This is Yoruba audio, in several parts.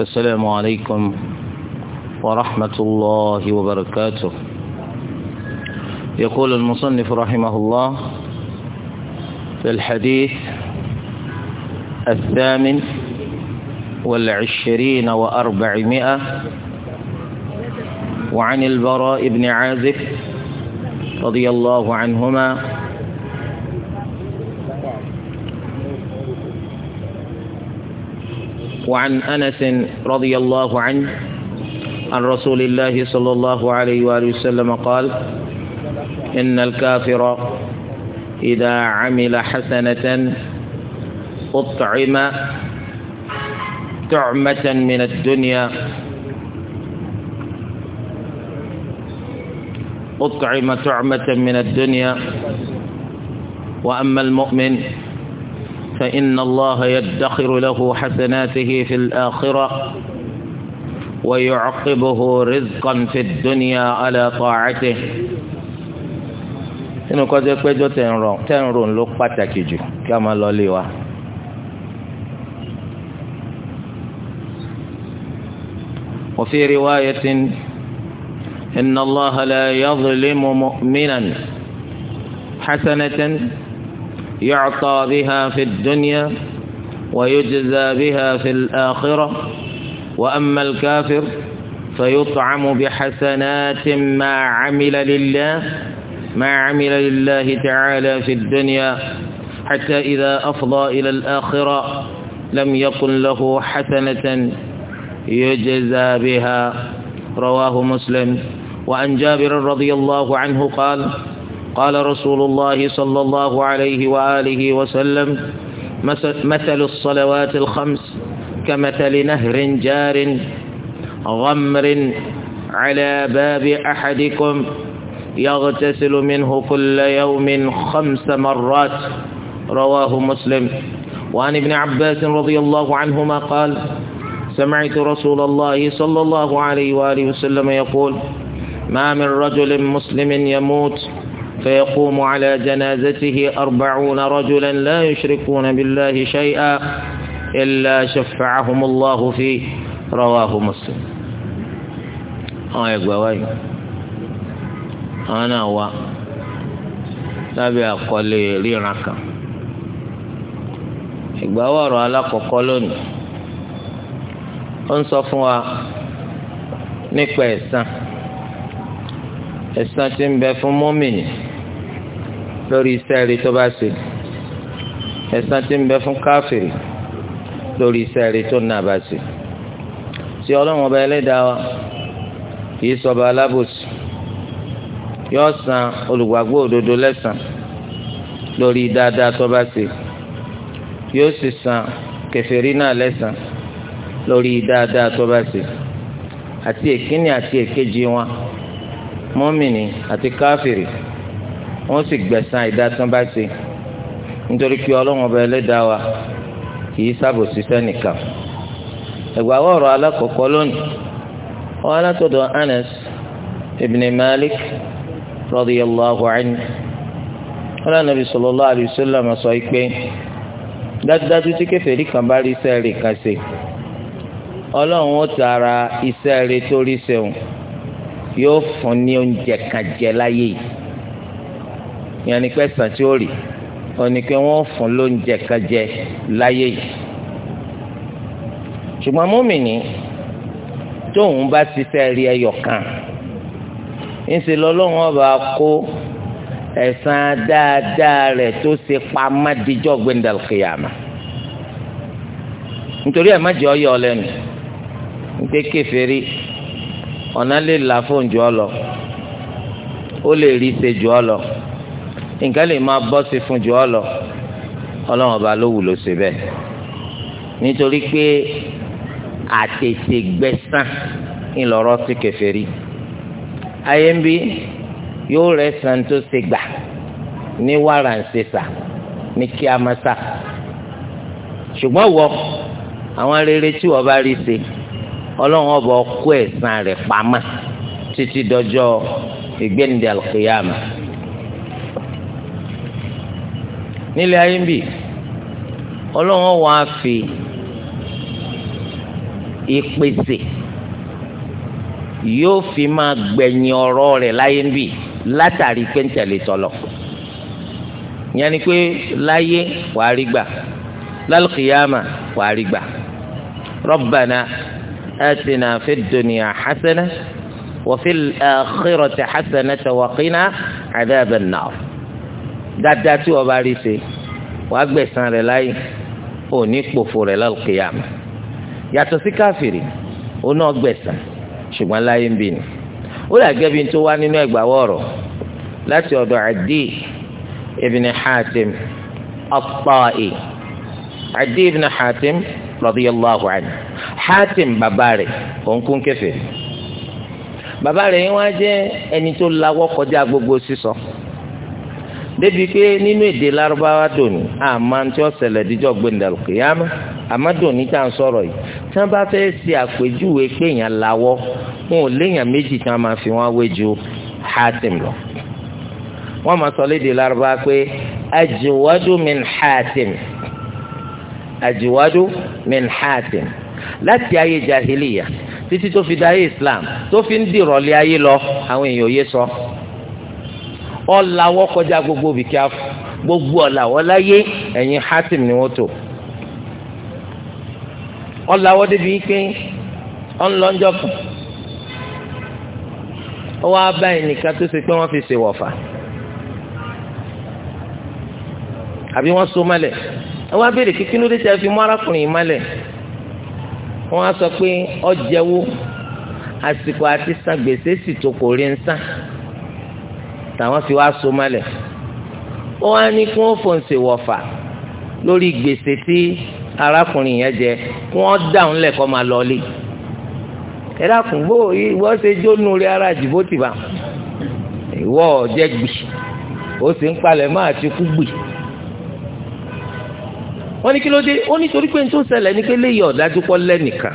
السلام عليكم ورحمة الله وبركاته يقول المصنف رحمه الله في الحديث الثامن والعشرين وأربعمائة وعن البراء بن عازف رضي الله عنهما وعن أنس رضي الله عنه عن رسول الله صلى الله عليه وآله وسلم قال إن الكافر إذا عمل حسنة أطعم تعمة من الدنيا أطعم تعمة من الدنيا وأما المؤمن فإن الله يدخر له حسناته في الآخرة ويعقبه رزقا في الدنيا على طاعته inú kọ́ jẹ́ péjọ tẹ́ǹrò ló pàtàkì jù ka ma lọ lé wa. wa fi riwayatin inna allaha la yadhlimu mu'minan hasanatan يعطى بها في الدنيا ويجزى بها في الآخرة وأما الكافر فيطعم بحسنات ما عمل لله ما عمل لله تعالى في الدنيا حتى إذا أفضى إلى الآخرة لم يكن له حسنة يجزى بها رواه مسلم وعن جابر رضي الله عنه قال قال رسول الله صلى الله عليه وآله وسلم مثل الصلوات الخمس كمثل نهر جار غمر على باب أحدكم يغتسل منه كل يوم خمس مرات رواه مسلم وعن ابن عباس رضي الله عنهما قال سمعت رسول الله صلى الله عليه وآله وسلم يقول ما من رجل مسلم يموت فيقوم على جنازته أربعون رجلا لا يشركون بالله شيئا إلا شفعهم الله فيه رواه مسلم آية قوي أنا و lábẹ́ أقول لي kan إقبار على قولون ó ń sọ fún wa nípa ẹ̀san lórí iṣẹ́ rẹ̀ tó bá ṣe ẹ̀san tí ń bẹ fún káfìrí lórí iṣẹ́ rẹ̀ tó nà bá ṣe tí ọlọ́run ọba ẹlẹ́dàá wa kìí sọba alábòsí yóò san olùgbàgbọ́ òdodo lẹ́san lórí dáadáa tó bá ṣe yóò sì san kèfèrí náà lẹ́san lórí dáadáa tó bá ṣe àti èkíní àti èkejì wọn mọ́mìnì àti káfìrí wọ́n sì gbẹ̀san ìdásán bá ṣe nítorí pé ọlọ́run ọba ẹlẹ́dàá wa kì í sábò ṣiṣẹ́ nìkan ẹ̀gbà wọ̀rọ̀ alákọ̀ọ́kọ́ lónìí wọn alátọ̀dọ̀ Anas ibn Malik radiyallahu anhu wọn Ànábì sallallahu alaihi wasallam sọ pé dájúdájú tí kèfèrí kan bá rí iṣẹ́ rẹ̀ kan ṣe ọlọ́run ó tara iṣẹ́ rẹ̀ tó rí ṣeun yóò fún ní oúnjẹ kan jẹ láyé yìí ìyẹn ni pé sàn tí ó rì ó ní pé wọ́n fún lóúnjẹ kan jẹ láyé yìí ṣùgbọ́n mùmínì tóun bá ṣiṣẹ́ rí ẹyọ kan ńṣe lọ́lọ́run ọba kó ẹ̀san dáadáa rẹ̀ tó ṣe pamọ́ díjọ́ gbẹ̀ndàlùkìyàmà nítorí ẹ̀ má jẹ́ ọ yọ ọ lẹ́nu ọ̀nà lè là fóun jù ọ lọ ó lè rí ṣe jù ọ lọ nǹkan lè máa bọ́ sí fún jù ọ lọ ọlọ́run ọba ló wù ló ṣe bẹ́ẹ̀ nítorí pé àtètè gbẹ̀san ńlọrọ sí kèfèrí ayé ń bí yóò rẹ̀ san tó ṣe gbà ní wàrà ń ṣe ní kí ṣùgbọ́n wọ àwọn rere tí wọ́n bá rí ṣe ọlọ́run ọba kó ẹ̀san rẹ̀ pamọ́ títí dọjọ́ ìgbéǹde àlùkìyàmù. nílé ayé ń bì ọlọ́run wà á fi ìpèsè yóò fi máa gbẹ̀yìn ọ̀rọ̀ rẹ̀ láyé ń bì látàrí pé ń tẹ̀lé tọlọ̀ ìyẹn ni pé láyé wàá rí gbà lálùkìyàmà wàá rí gbà rọ́bànà ẹ̀sìn àfi dùnìyà hasanà wọ́n fi àkírọ̀tì hasanà tẹ̀wọ́kínà àdàbẹ̀ dáadáa tí wọ́n bá rí ṣe wàá gbẹ̀san rẹ̀ láyé ò ní pòfo rẹ̀ lálùkìyàmù yàtọ̀ sí káfìrì ó náà gbẹ̀san ṣùgbọ́n láyé ń bì ní. ó dà gẹ́bí tó wá nínú ẹgbàáwọ̀ ọ̀rọ̀ láti ọ̀dọ̀ Adi ibn Hatim at-Ta'i Adi ibn Hatim radiyallahu anhu Hatim bàbá rẹ̀ òǹkún kẹfẹ́ bàbá rẹ̀ yín wá jẹ́ ẹni tó lawọ́ kọjá gbogbo sísọ. So débi pé nínú èdè lárúbáwá dòní àmọ́ tí wọ́n ṣẹlẹ̀ díjọ́ gbẹ̀ndàlù kìyàmá àmọ́ dòní tá à ń sọ̀rọ̀ yìí tí wọ́n bá fẹ́ ṣe àpèjúwe pé èèyàn lawọ́ wọn ò léèyàn méjì tí wọ́n máa fi wọ́n wé ju Hatim lọ. wọ́n máa sọ lédè lárúbáwá pé ajiwadu min Hatim ajiwadu min Hatim láti ayé jahiliya títí tó fi dá ayé Islam tó fi ń dìrọ̀lẹ́ ayé lọ àwọn èèyàn ò yé sọ. So ọ̀làwọ́ kọjá gbogbo bìkẹ́ afọ gbogbo ọ̀làwọ́ láyé ẹ̀yìn hatim ni wọ́n tò ọ̀làwọ́ débi pé ọ̀nlọ́njọ́ kan ó wá bá ẹnìkan tó ṣe pé wọ́n fi ṣe wọ̀fà àbí wọ́n so mọ́lẹ̀ ẹ wá béèrè kí kínú dé tẹ́ fi mú arákùnrin mọ́lẹ̀ wọ́n á sọ pé ọ̀jẹ̀wò àsìkò àti san sì tó kò rí ń tàwọn fi wá so mọ́lẹ̀ ó wá ní kí wọ́n fòun ṣe lórí gbèsè tí arákùnrin yẹn jẹ kí wọ́n dáhùn lẹ́kọ́ máa lọlé ẹ dákun bó ìwọ ṣe jónú rí ara jìbótì bá ìwọ jẹ gbì ó sì ń palẹ̀ máa ti kú gbì wọ́n ní kí ló dé ó nítorí pé n tó ṣẹlẹ̀ ní pé léyìn ọ̀dájú kọ́ lẹ́nìkan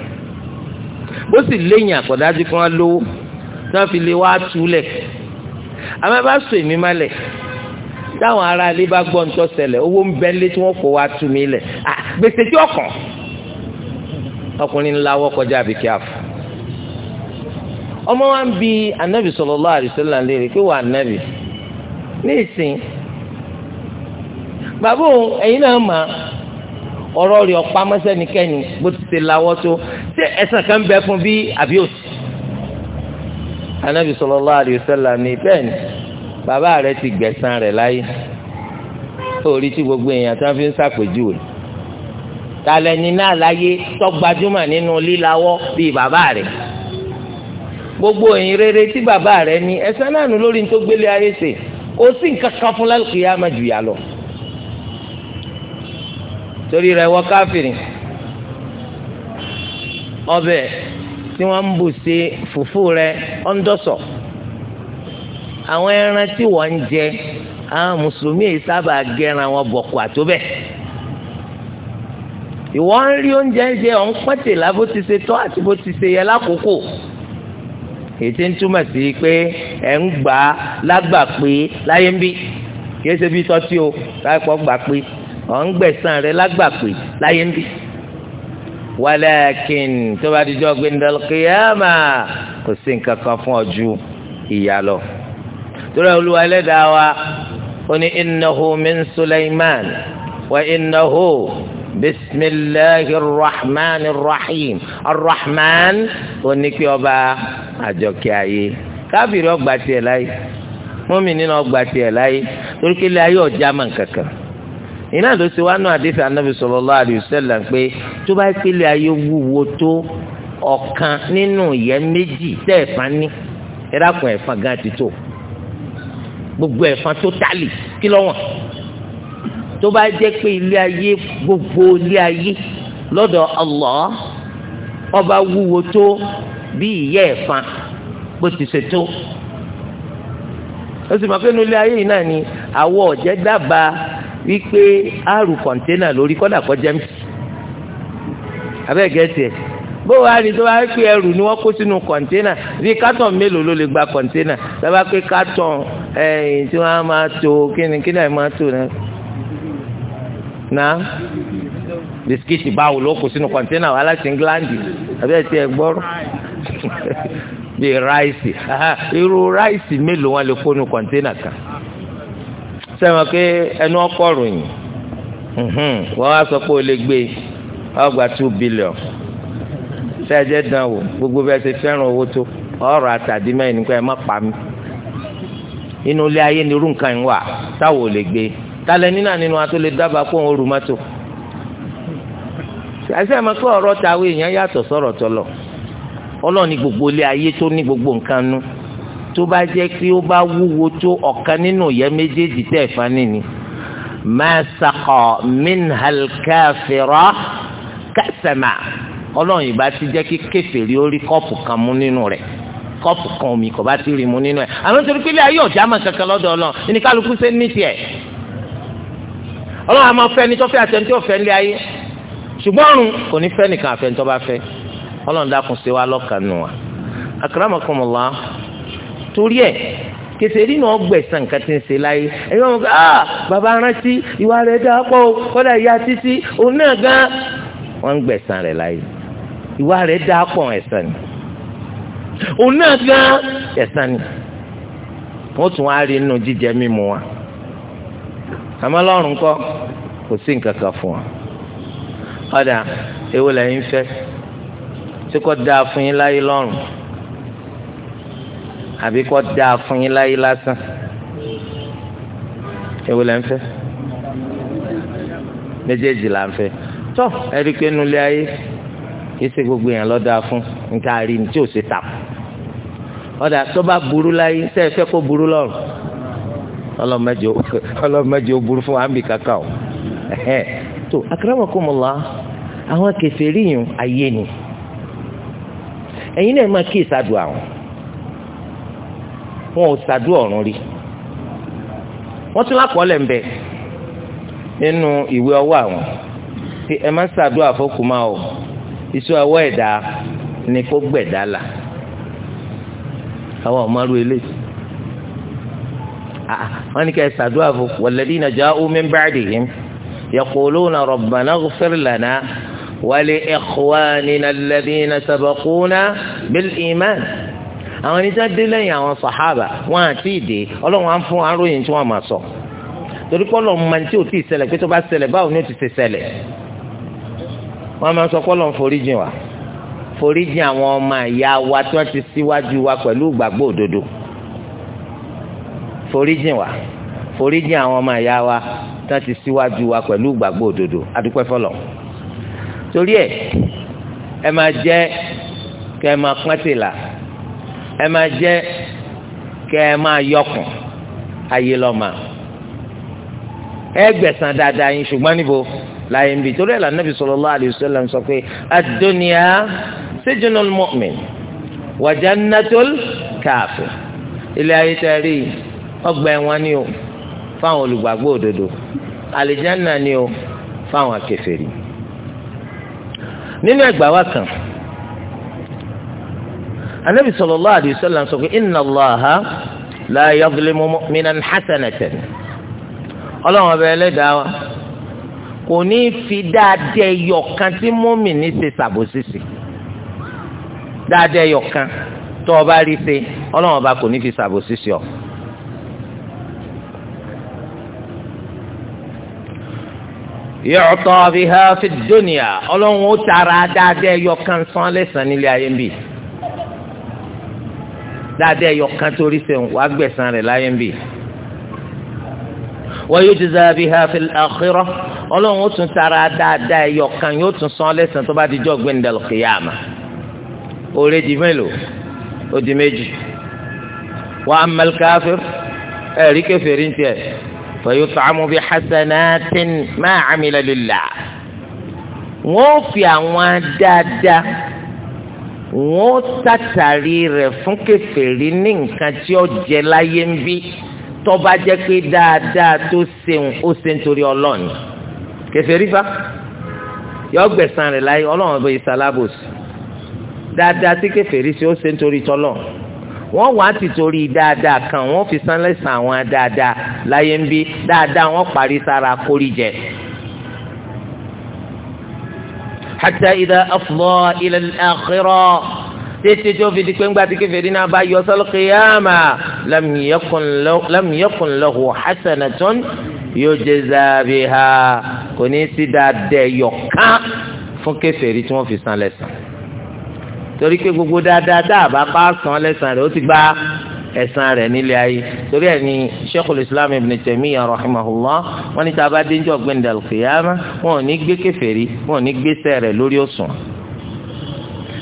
bó sì léyìn àkọ́dájú kí wọ́n lówó tí wọ́n fi lè wá túlẹ̀ àmọ́ bá sọ èmi má lẹ̀ táwọn ará ilé bá gbọ́ ń tọ́sẹ̀lẹ̀ owó ń bẹ́ lé tí wọ́n kó wa tú mi lẹ̀ gbèsè tí ọkàn ọkùnrin ńlá wọ́ kọjá àbíkí àfọ. ọmọ wa ń bi anabi sallallahu alaihi wasallam léèrè pé wà anabi ní ìsìn bàbá òun ẹ̀yin náà mà ọ̀rọ̀ rẹ̀ ọ̀pá mọ́sẹ́nikẹ́ni bó ti ṣe lawọ́ tó ṣé ẹ̀sán kan bẹ fún bí àbí òsì anabi sallallahu alayhi wa sallam ní bẹ́ẹ̀ ni bàbá rẹ̀ ti gbẹ̀san rẹ̀ láyé orí tí gbogbo èèyàn tí wọ́n fi ń ṣàpèjúwe talẹni náà láyé tó gbajúmọ̀ nínú líláwọ́ bíi bàbá rẹ̀ gbogbo èyí rere tí bàbá rẹ̀ ní ẹ̀san náà nù lórí tó gbélé ayé ṣe kò sí nǹkan kan fún lálùkìyámà jù yà lọ torí rẹ̀ wọ káfírin ọbẹ̀ tí wọ́n ń bù ṣe fùfú rẹ ọ́ndọ́sọ̀ àwọn ẹran tí wọ́n ń jẹ àwọn mùsùlùmí yìí sábà gẹran wọn bọ̀kù àtúbẹ̀ ìwọ ń rí oúnjẹ ń jẹ ọ̀n pẹ́tẹ̀ lábó ti ṣe tọ́ àti bó ti ṣe yẹ lákòókò ètí ń túmọ̀ sí pé ẹ̀ ń gbà á lágbà pé láyé ń bí kí ẹ ṣe bí tọ́tí o láìpọ̀ gbà pé ọ̀ ń gbẹ̀san rẹ lágbà pé láyé ń bí walakin tó bá dijọ́ gbẹndàlùkìyàmà kò sí nǹkan kan fún ọjọ́ ìyà lọ. torí olúwa ẹlẹ́dàá wa ó ní innahu min suleiman wa innahu bisimilahi rahman rahim arrahman ó ní pé ọba àjọkẹ́ ayé káfíìrì ọgbà tiẹ̀ láyé mọ́mí ọgbà tiẹ̀ láyé torí kí ilé ayé ọjà máa ń kankan iná ló ṣe wá nù àdéhùn anábì sallallahu alaihi wasallam pé tó bá pélé ayé wúwo tó ọ̀kan nínú ìyẹ́ méjì tẹ́ ẹ̀fọn ní ẹ̀rákùn ẹ̀fọn gan ti tó gbogbo ẹ̀fọn tó tálì kí lọ́wọ́n tó bá jẹ́ pé ilé ayé gbogbo ilé ayé lọ́dọ̀ Allah ọba wúwo tó bí ìyẹ́ ẹ̀fọn bó ti ṣe tó ó sì máa pé nínú ilé ayé yìí náà ni àwọ̀ ọ̀jẹ̀ dábàá wípé àrù kọ̀ńténà lórí kọ́dà kọjá mi abẹ́gẹ́ tiẹ̀ bó wàá rí tó wàá pé ẹrù ni wọ́n kó sínú kọ̀ńténà bí kátọ̀n mélòó ló lè gba kọ̀ńténà dábàá pé kátọ̀n ẹ̀yìn tí wọ́n á máa tó kíni kíni àì máa tó náà náà bisikíìtì báwo ló kó sínú kọ̀ńténà wàhálà sìngíláńdì abẹ́gẹ́ tiẹ̀ gbọ́rọ̀ bíi ráìsì irú ráìsì mélòó wọn lè kó nu kọ̀ńténà kan. sẹ́wọ̀n pé ẹnu ọkọ̀ ròyìn wọ́n á sọ pé o lè gbé ọgbà two billion sẹ́ẹ̀jẹ̀ dán wò gbogbo bẹ́ẹ̀ ṣe fẹ́ràn owó tó ọ̀rọ̀ àtàdínmẹ́yìn nípa ẹ̀ má pa mí inú ilé ayé ni irú nǹkan yìí wà táwọn ò lè gbé talẹ̀ nínà nínú lè dábàá kó òun rú mọ́tò pé ọ̀rọ̀ èèyàn yàtọ̀ sọ̀rọ̀ gbogbo tó bá jẹ́ pé ó bá wúwo tó ọ̀kan nínú ìyẹ́ méjèèjì tẹ̀ fani ni mẹ́sàkọ̀ minhal káfíra kẹsàmà ọlọ́run ìbá ti jẹ́ kí kèfèrí ó rí kọ́ọ̀pù kan mú nínú rẹ̀ kọ́ọ̀pù kan omi kò bá ti rí mu nínú ẹ̀ àwọn torí pé ilé ayé ọ̀já máa kankan lọ́dọ̀ ọlọ́run ẹni kálukú ṣe ní tiẹ̀ ọlọ́run àmọ́ fẹ́ ni tó fẹ́ àtẹ̀ntì ọ̀fẹ́ ńlẹ̀ ayé ṣùgbọ́n kò ní fẹ́ nìkan àfẹ́ntọ́ bá fẹ́ ọlọ́run dákun ṣe wá lọ́kàn nù wá akramakumullah torí ẹ̀ kẹsẹ̀ rí náà gbẹ̀sán nǹkan tí ń ṣe láyé ẹ̀yin wọn kọ́ ah baba rántí ìwà rẹ̀ dáa pọ̀ o kọ́dà ìyá títí òun náà gan wọ́n ń gbẹ̀sán rẹ̀ láyé ìwà rẹ̀ dáa pọ̀ ẹ̀san ni òun náà gan ẹ̀san ni wọ́n tún wá rí inú jíjẹ mímu wa àmọ́ lọ́rùn kọ́ kò sí nǹkan kan fún wa ọ̀dà èwo lẹ́yìn fẹ́ tí kò dáa fún yín láyé lọ́rùn àbí kọ́ dáa fún yín láyé lásán ewu lẹ́ ń fẹ́ méjèèjì là ń fẹ́ tọ́ ẹ̀rí pé nulẹ̀ ayé kìí ṣe gbogbo yẹn lọ́dà fún nǹkan àrí ní tí ò ṣe tà ọ̀dà tó bá burú láyé tẹ́ ẹ fẹ́ kó burú lọ́rùn ọlọ́mọdé ọlọ́mọdé ó burú fún wa àmì kàkà o tó akramakumullah àwọn kèfèrí yìí ayé ni ẹ̀yin náà máa kí ìsádùn àwọn wọn ò ṣàdú ọ̀run rí wọ́n tún lákọọ́lẹ̀ ń bẹ nínú ìwé ọwọ́ àwọn tí ẹ má ṣàdú àfọkùnmá o iṣu ọwọ́ ẹ̀dá ni kó gbẹ̀dá là àwọn ọmọ rú wọ́n ní ká ẹ ṣàdú àfọkùn walladhina ja'u min ba'dihim yaquluna rabbana ighfir lana wa li ikhwanina alladhina sabaquna bil iman àwọn ẹni tí wọ́n dé lẹ́yìn àwọn sàhábà wọn àti ìdè ọlọ́run á fún aróyìn tí wọ́n máa sọ torí kọ́lọ̀ máa tí ò tí ì ṣẹlẹ̀ pé tó bá ṣẹlẹ̀ báwo ni ó ti ṣe ṣẹlẹ̀ wọ́n máa sọ kọ́lọ̀ foríjì wa foríjì àwọn ọmọ ìyá wa tí wọ́n ti síwájú wa pẹ̀lú ìgbàgbọ́ òdodo foríjì wa foríjì àwọn ọmọ ìyá wa tí wọ́n ti síwájú wa pẹ̀lú ìgbàgbọ́ òdodo adúpẹ́ fọlọ́ torí ẹ ẹ máa jẹ kẹ ẹ máa pọ́n tìlà ẹ máa jẹ kẹ ẹ máa yọkùn ayé lọ́mà ẹ gbẹ̀san dáadáa yín ṣùgbọ́n níbo láyé ń bì torí ẹ̀ lànà bí sallallahu alayhi wa sallam sọ pé ad-dunya sijnul mu'min wa jannatul kafir ilé ayé tẹ́ rí ọgbà ẹ̀wọ̀n ni o fáwọn olùgbàgbọ́ òdodo àlìjánnà ni o fáwọn akẹfẹ́rì nínú ẹgbàá wa kan anabi sallallahu alayhi wa sallam sọ pé inna allaha la yazlimu mu'minan hasanatan ọlọ́run ọba ẹlẹ́dàá wa kò ní fi dáadé yọkan tí mọ́mìnì ṣe ṣàbòsíṣe dáadé yọkan tó o bá rí ṣe ọlọ́run ọba kò ní fi ṣàbòsíṣe ọ. yọ̀tọ̀ biha fi dunya ọlọ́run ó tara dáadé yọkan san lẹ́sàn-án nílé dáadáa ẹyọ kan torí sẹ́wọ̀n wàá gbẹ̀san rẹ̀ láyé ń bì wa yujza biha fil akhirah ọlọ́run ó tún tara dáadáa ẹyọ kan yóò tún san lẹ́sàn tó bá di jọ́ gbẹ̀ndẹ̀lù kìyàmà òòrè di mélòó ó di méjì wa amal kafir ẹ̀rí kẹfẹ́rí ń tiẹ̀ fa yut'amu bi hasanatin ma amila lillah wọ́n fi àwọn dáadáa wọ́n tàtàrí rẹ̀ fún kèfèrí ní nǹkan tí ó jẹ láyé ń bí tọ́ba jẹ́ pé dáadáa tó ṣeun ó ṣe nítorí ọlọ́ọ̀ni kèfèrí fa yọ gbẹ̀san rẹ̀ láyé ọlọ́run bíi salabos dáadáa tí kèfèrí ṣe ó ṣe nítorí tọ́lọ̀ wọ́n wá ti torí dáadáa kan wọ́n fi san lẹ́san àwọn dáadáa láyé ń bí dáadáa wọ́n parí sára kórìí jẹ hatta idha afdha ila al-akhirah tètè tó fi di pé ńgbà tí kèfèrí náà bá yọ sọ́lọ́ kìyàmà lam yakun lahu hasanatun yujza biha kò ní sí dáadẹ́ yọ̀kan fún kèfèrí tí wọ́n fi san lẹ́san torí pé gbogbo dáadáa dáàbá bá san lẹ́san rẹ̀ ó ti gba ẹ̀san rẹ̀ nílé ayé torí ẹ̀ ní sheikhul islam ibn taymiya rahimahullah wọ́n ní sábà dénjọ́ gbẹ̀ndàl kìyàmá wọn ò ní gbé kèfèrí wọn ò ní gbésẹ̀ rẹ̀ lórí òsùn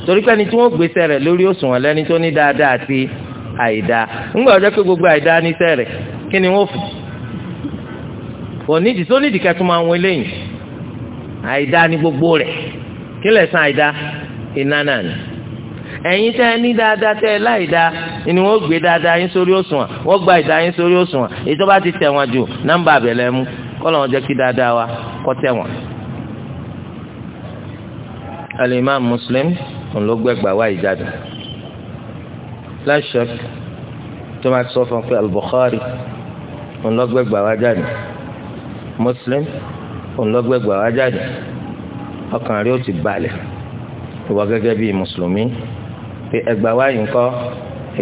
torí pé ẹni tí wọ́n gbésẹ̀ rẹ̀ lórí òsùn wọn lẹ́ni tó ní dáadáa àti àìdá ńgbà ọjọ́ pé gbogbo àìdá níṣẹ́ rẹ̀ kí ni wọ́n fò onídìí tó nídìí kẹtùmọ eléyìí àìdá ni gbogbo rẹ̀ kí lẹ̀san àìdá iná náà ni ẹ̀yin tẹ́ ẹ ní dáadáa tẹ́ ẹ láì dáa ni wọ́n gbé dáadáa yín sórí òṣùwọ̀n wọ́n gba ìdá yín sórí òṣùwọ̀n èyí tó bá ti tẹ̀ wọ́n jù nọ́mbà àbẹ̀lẹ̀ mú kọ́lọ̀ wọn jẹ́ kí dáadáa wa kọ́ tẹ̀ wọ́n. alimam muslim ló gbẹgbà wá ìjáde láṣọ tó máa sọ fún pé al-Bukhari ló gbẹgbà wá jáde muslim ló gbẹgbà wá jáde ọkàn rẹ ó ti balẹ̀ ìwọ gẹ́gẹ́ bíi mùsùlùmí pé ẹgbà wá yìí ńkọ́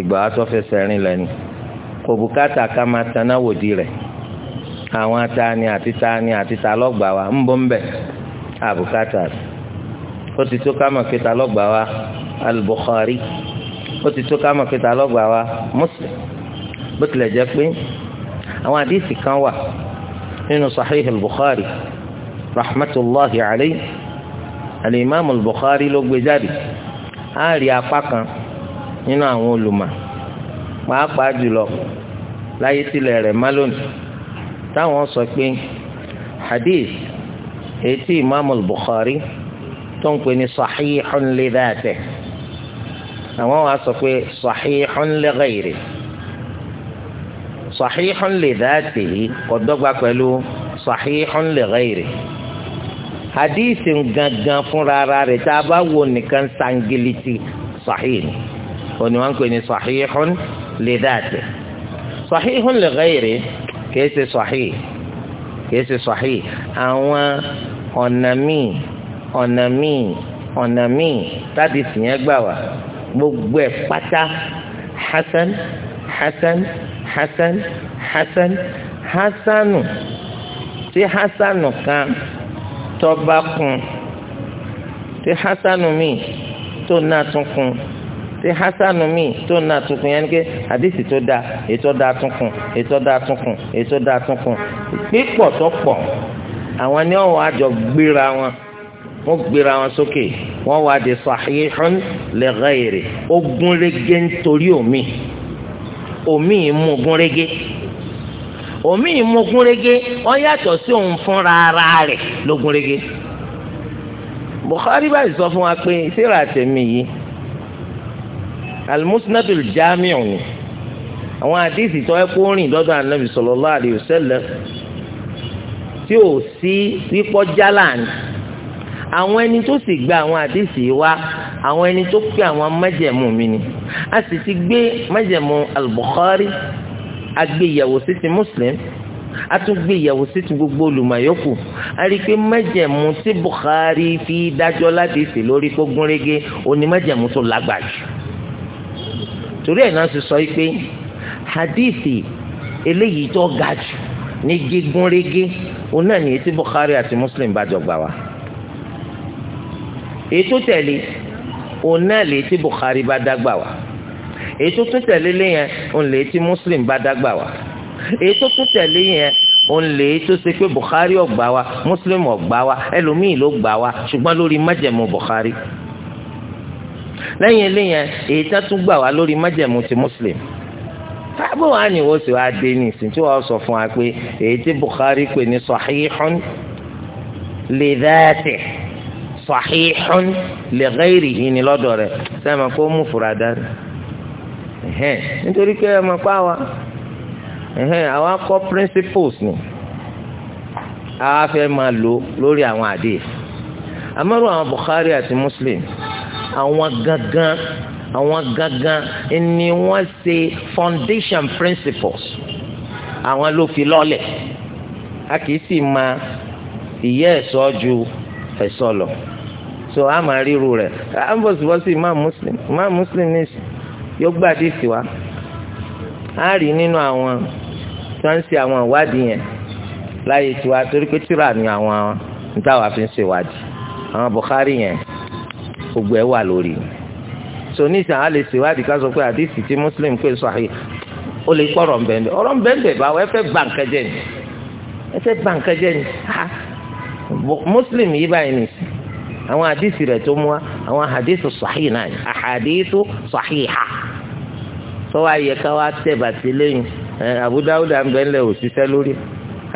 ẹgbà wá sọ́fẹsẹ̀ rìn lẹ́nu kò bùkátà ká máa taná wòdì rẹ̀ àwọn atani àti tani àti talọ́gbà wa ń bọ́ ń bẹ̀ àbùkátà rẹ̀ ó ti tó ká máa pété alọ́gbà wa al-Bukhari ó ti tó ká máa pété alọ́gbà wa Muslim bó tilẹ̀ jẹ́ pé àwọn àdìsí kan wà nínú Sahih al-Bukhari rahmatulahi alayhi al-Imam al-Bukhari ló gbé jáde á rí apá kan nínú àwọn olùmọ̀ pàápàá jùlọ láyé tilẹ̀ rẹ̀ má lónìí táwọn sọ pé hadith etí imaamu Bukhari tó ń pè ní sahihun li dhatihi àwọn wa sọ pé sahihun li ghayrihi sahihun li dhatihi kò dọ́gba pẹ̀lú sahihun li ghayrihi hadisi gangan fúnra ara rẹ̀ tá a bá wo nìkan sangiliti sahih òní wọn kò ní sahihun li dhati sahihun li ghairi kìí ṣe sahih kìí ṣe sahih àwọn ọ̀nà míì ọ̀nà míì ọ̀nà míì táàdì tìyẹn gbà wá gbogbo ẹ̀ pátá hasan hasan hasan hasan hasanu tí hasanu kan tọba kun tí hasanu mi tó náà tún kun tí hasanu mi tó náà tún kun yẹn ké àdìsí tó da ètò da tún kun ètò da tún kun ètò da tún kun pípọ̀ tó pọ̀ àwọn ni wọ́n wá jọ gbéra wọn wọ́n gbéra wọn sókè wọ́n wá di sahihun li ghayri ó nítorí omi omi mú gúnrégé omi ìmúgúnrégé wọn yàtọ̀ sí òun fúnra ara rẹ̀ lógúnrégé Bukhari báyìí sọ fún wa pé síra tèmi yìí alimusinatul jamiu àwọn àdìsí tó ẹ kó rìn lọ́dọ̀ anabi sallallahu alaihi wasallam tí ò sí wípọ́ jálà ni àwọn ẹni tó sì gba àwọn àdìsí wa àwọn ẹni tó pè àwọn májẹ̀mú mi ni a sì ti gbé májẹ̀mú al agbéyẹ̀wò sí ti muslim atúgbéyẹ̀wò sí ti gbogbo olùmọ̀yọ́kù àríkè mẹ́jẹ̀mú tí Buhari fi dájọ́ láti sè lórí kó gúnrégé òní mẹ́jẹ̀mú tó lágbàá jù torí ẹ̀ náà ti sọ pé hadithi eléyìí tó ga jù ní gígúnrégé òun náà nìyí tí Bukhari àti muslim bá jọ gbà wá èyí tó tẹ̀lé òun náà lè tí Bukhari bá dá gbà wá èyí tó tún tẹ̀lé lé yẹn òun lè ti muslim bá dágbà wá èyí tó tún tẹ̀lé yẹn òun lè tó ṣe pé bukhari ó gbà wá muslim ó gbà wá ẹlòmíì ló gbà wá ṣùgbọ́n lórí májẹ̀mú bukhari lẹ́yìn eléyẹn èyí tó tún gbà wá lórí májẹ̀mú ti muslim bó wàá sì wá dé ní ìsìn tí wọ́n sọ fún wa pé èyí tí bukhari pè ní sahihun li dhatihi sahihun li ghayrihi ní lọ́dọ̀ rẹ̀ sẹ́mi kó mú fura dárí nítorí pé ẹ mọ̀ pa wa àwa kọ́ principles ni àwa fẹ́ máa lò lórí àwọn àdé amọ́rò àwọn Bukhari àti Muslim àwọn gangan àwọn gangan ni wọ́n ṣe foundation principles àwọn ló fi lọ́lẹ̀ a kì í sì máa ìyẹ́ ẹ̀sọ́ ju ẹ̀sọ́ lọ so a máa ríru rẹ̀ ambos bọ́sí imam Muslim imam Muslim ní sùn yóò gbà àdìsí wa á rí nínú àwọn tí wọ́n ń ṣe àwọn ìwádìí yẹn láyé tiwa torí pé tíra ni àwọn nítawà fi ń ṣe ìwádìí àwọn Bukhari yẹn gbogbo ẹ̀ wà lórí so ní ìsàn á lè ṣe ìwádìí ká sọ pé àdìsí tí Muslim pè sahih ó lè kọ́ ọ̀rọ̀ mbẹ́mbẹ́ ọ̀rọ̀ mbẹ́mbẹ́ báwo ẹ fẹ́ gbà nǹkan ni ẹ fẹ́ gbà nǹkan ni ha Muslim yìí báyìí nìyí àwọn àdìsí rẹ̀ tó mú wa àwọn àdìsí sahih náà àdìsí sahih ha tọ́wọ́ ayẹ ká wá tẹ̀ bàtí lẹ́yìn Abu Dawuda ń bẹ́ńlẹ̀ òṣìṣẹ́ lórí ẹ̀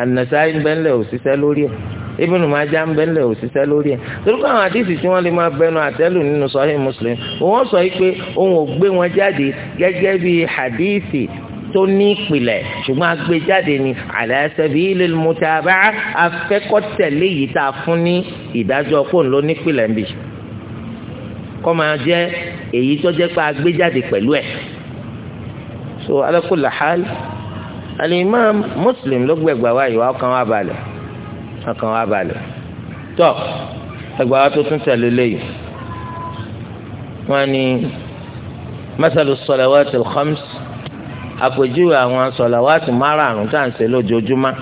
An-Nasa'i ń bẹ́ńlẹ̀ òṣìṣẹ́ lórí ẹ̀ Ibn Majah ń bẹ́ńlẹ̀ òṣìṣẹ́ lórí ẹ̀ torí káwọn àdìsí tí wọ́n lè máa bẹnu àtẹ́lù nínú Sahih Muslim wọ́n sọ pé òun ò gbé wọn jáde gẹ́gẹ́ bí àdìsí tó ní ìpìlẹ̀ ṣùgbọ́n agbéjáde ni ala sabilil mutaba'a afẹ́kọ́tẹ̀lé yìí tá a fún ní ìdájọ́ kó ń lọ nípìlẹ̀ ń bì kọ́ máa jẹ́ èyí tó jẹ́ pé agbéjáde pẹ̀lú ẹ̀ so ala kulli hal alimam Muslim ló gbẹgbà wáyé wa ọkàn wa balẹ̀ ọkàn wa balẹ̀ tọ́ ẹgbàá wa tó tún tẹ̀lé léyìí wọ́n ní masalu salawati al-khams àpèjúwe àwọn sọlawati márààrún tá à ń ṣe lójoojúmọ́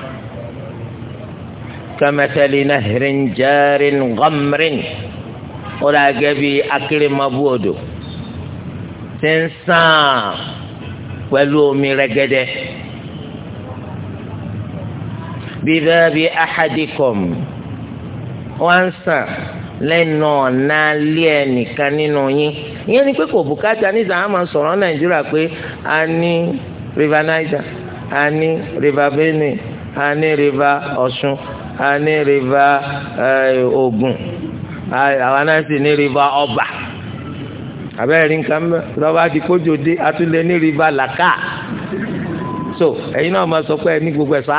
kamathali nahrin jarin ghamrin ó dàgẹ́ bí akérèmọ́bù odò tí pẹ̀lú omi rẹ́gẹ́dẹ́ bíbẹ́ẹ́bí ahadikom wọ́n ń sàn lẹ́nu ọ̀nà alẹ́ ẹnìkan nínú yín ìyẹn ni pé kò bùkátà ní sàn á máa sọ̀rọ̀ nàìjíríà pé a ní river niger a ní river benue a ní river ọ̀ṣun a ní river ogun eh, àwa náà sì ní river ọba. abẹ́rẹ́ rí nǹkan mẹ́ lọ́wọ́ àti kójú dé atúlẹ̀ ní rìbá làkà so ẹ̀yin náà máa sọ pé ẹ ní gbogbo ẹ̀ sá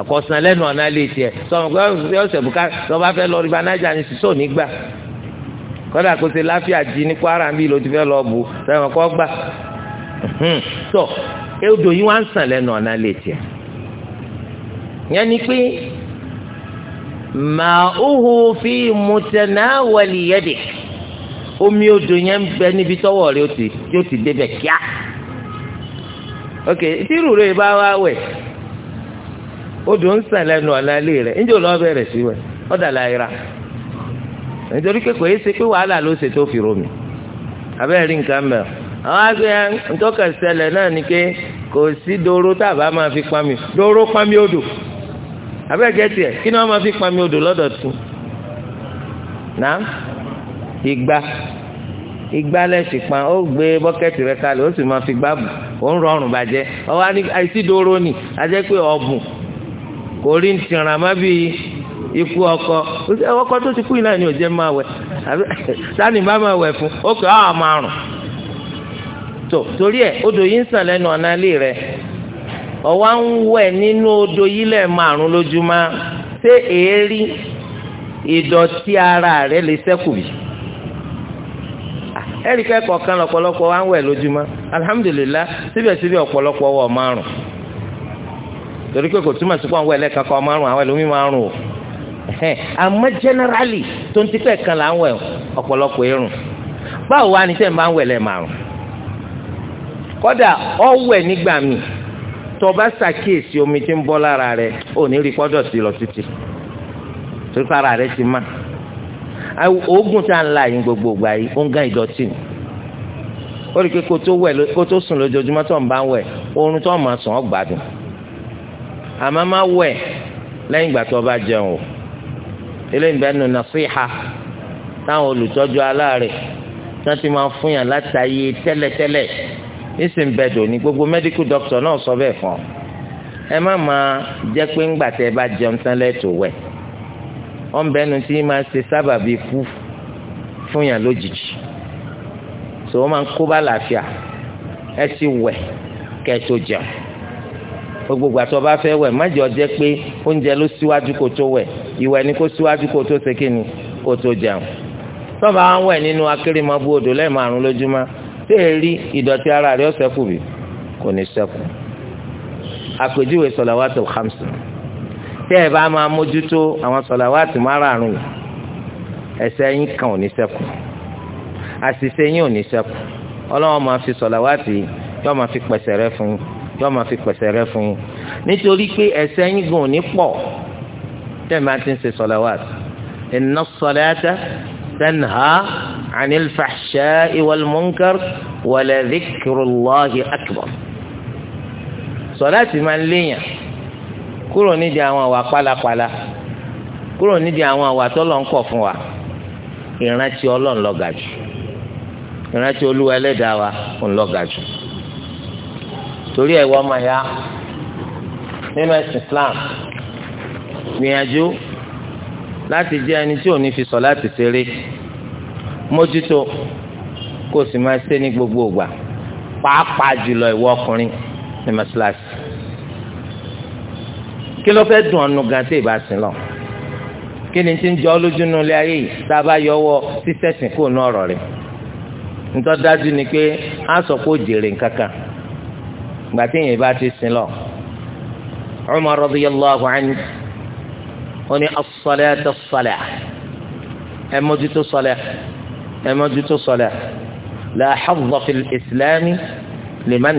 àkọsán lẹ́nu ọ̀nà ilé tiẹ̀ sọ̀rọ̀ pé ọ̀sẹ̀ bùkà lọ́wọ́ fẹ́ lọ rìbá nájà ní sísọ nígbà kọ́dà kó ṣe láfíà jí kwara ń bí ló ti fẹ́ sẹ́wọ̀n kọ́ gbà so odò yìí wá ń sàn ni pé màá hù fi mùtẹ̀ náà wọlé yẹ́dẹ̀ẹ́ omi odò yẹn ń bẹ níbi tọ́wọ́ rẹ ti yóò ti kíá ok tírù rẹ bá wá wẹ̀ odò ń sàn lẹ́nu ọ̀nà ilé rẹ̀ níjẹ́ olóò bẹ̀rẹ̀ sí wẹ̀ ọ̀dà láyìíra nítorí kékeré yìí ṣe pé wàhálà ló ṣe tó fi romi abẹ́rẹ́ nǹkan mẹ́rin àwọn àgbẹ̀ ntọ́ka ṣẹlẹ̀ náà ni pé kò sí dòró tá a bá máa fi pami dòró pami odò abẹ́rẹ́ gẹ́tì ẹ̀ kí fi pami odò lọ́dọ̀ igba igba lẹ́sìn pan ó gbé bọ́kẹ́tì rẹ kalẹ̀ ó sì máa fi gbá bù ó ń rọrùn bàjẹ́ ọwọ́ àìsídòrò ni ajẹ́ pé ọ̀bùn kò rí ntìrànà má bí ikú ọkọ ọkọ tó ti kú yìí náà ni ò jẹ́ máa sani bá máa wẹ̀ fún ó kẹ́ ọ máa rùn tó torí ẹ̀ odò yìí ń sàn lẹ́nu ọ̀nà ilé rẹ ọwọ́ à ń nínú odò yìí márùn ṣé ara rẹ lè ẹ̀rí kẹ́kọ̀ọ́ kan lọ́pọ̀lọpọ̀ wa ń wẹ̀ lójúmọ́ alihamudulilayi síbẹ̀síbẹ̀ ọ̀pọ̀lọpọ̀ wọ̀ márùn torí pé kò túmọ̀ sí márùn o àmọ́ generally tó ń tipẹ́ kan là ń wẹ̀ ọ̀pọ̀lọpọ̀ irun báwo wá ní sẹ́yìn bá ń wẹ̀ lẹ́ omi ti ń bọ́ lára rẹ̀ lọ torí pé ti máa oògùn tá à ń la yín gbogbo ìgbà yìí ó ń gán ìdọ̀tí ni ó rí i pé kó tó wẹ̀ kó tó sùn lójoojúmọ́ tó ń bá ń wẹ̀ oorun tó máa sùn ọ́ gbádùn àmọ́ má wẹ̀ lẹ́yìn ìgbà tó bá jẹun o eléyìí bẹ́ẹ̀ nù nàṣíhà táwọn olùtọ́jú aláàrẹ̀ tó ti máa fún yàn látàyè tẹ́lẹ̀tẹ́lẹ̀ nísìn bẹ́ẹ̀ dò ní gbogbo mẹ́díkù dọ́kítọ̀ náà sọ bẹ́ẹ̀ fún ọ ẹ má máa jẹ́ pé ńgbà tẹ́ bá jẹun tán lẹ́ẹ̀tọ́ wẹ̀ wọn bẹnu tí máa ṣe sábàbí kú fún yàn lójijì so wọn máa ń kó bá làáfíà ẹ sì wẹ̀ kẹ́ tó jẹun gbogbo àti ọba fẹ́ wẹ̀ má jẹ́ ọjẹ pé oúnjẹ ló síwájú kó tó wẹ̀ ìwẹ̀ ni kó síwájú kó tó ṣe kíni kó tó jẹun tọ́ba wọn wẹ̀ nínú akérèmọ́bù odò lẹ́ẹ̀márùn lójúmọ́ tẹ́ ẹ rí ìdọ̀tí ara rẹ̀ ọ̀sẹ̀ kù kò ní sẹ́kù àpèjúwe sọ̀làwátò hamsin tẹ́ ẹ bá máa mójútó àwọn sọ̀làwátì márààrún yìí ẹ̀ṣẹ̀ yín kan ò ní ṣẹ́kù àṣìṣe yín ò ní ṣẹ́kù ọlọ́wọ́n máa fi sọ̀làwátì yóò máa fi pẹ̀sẹ̀ rẹ́ fún yín yóò máa fi pẹ̀sẹ̀ rẹ́ fún yín nítorí pé ẹ̀ṣẹ̀ yín gan ò ní pọ̀ tẹ́ ẹ máa ti ń ṣe sọ̀làwátì inna salata tanha anil fahsha'i wal munkar wa la dhikrullahi akbar sọ̀làtì máa ń léyàn kúrò nídìí àwọn àwà pálapàla kúrò nídìí àwọn àwà tọ́lọ̀ ń kọ̀ fún wa ìrántí ọlọ́run lọ́gà jù ìrántí olúwa ẹlẹ́dàá wa ń lọ́gà jù torí ẹ̀wọ́ ọmọ ya nínú ẹ̀sìn Islam gbìyànjú láti jẹ́ ẹni tí ò fi sọ láti ṣeré mójútó kó o sì máa ṣe ní gbogbo ìgbà pàápàá jùlọ ìwọ ọkùnrin ní mọ́ṣáláṣí kí ló fẹ́ dùn ọ̀nù gan tí ìbá sin lọ kí ni ti ń jọ lójú nínú ilé ayé yìí tá a bá yọwọ́ sísẹ̀sìn kó nú ọ̀rọ̀ rẹ̀ nítorí dájú ni pé a sọ pé ó jèrè nǹkankan gbà tí ìyẹn bá ti sin lọ Umar radiyallahu anhu ó ní as-salatu as-salah ẹ mójútó sọlẹ̀ ẹ mójútó sọlẹ̀ la hazza fil islami liman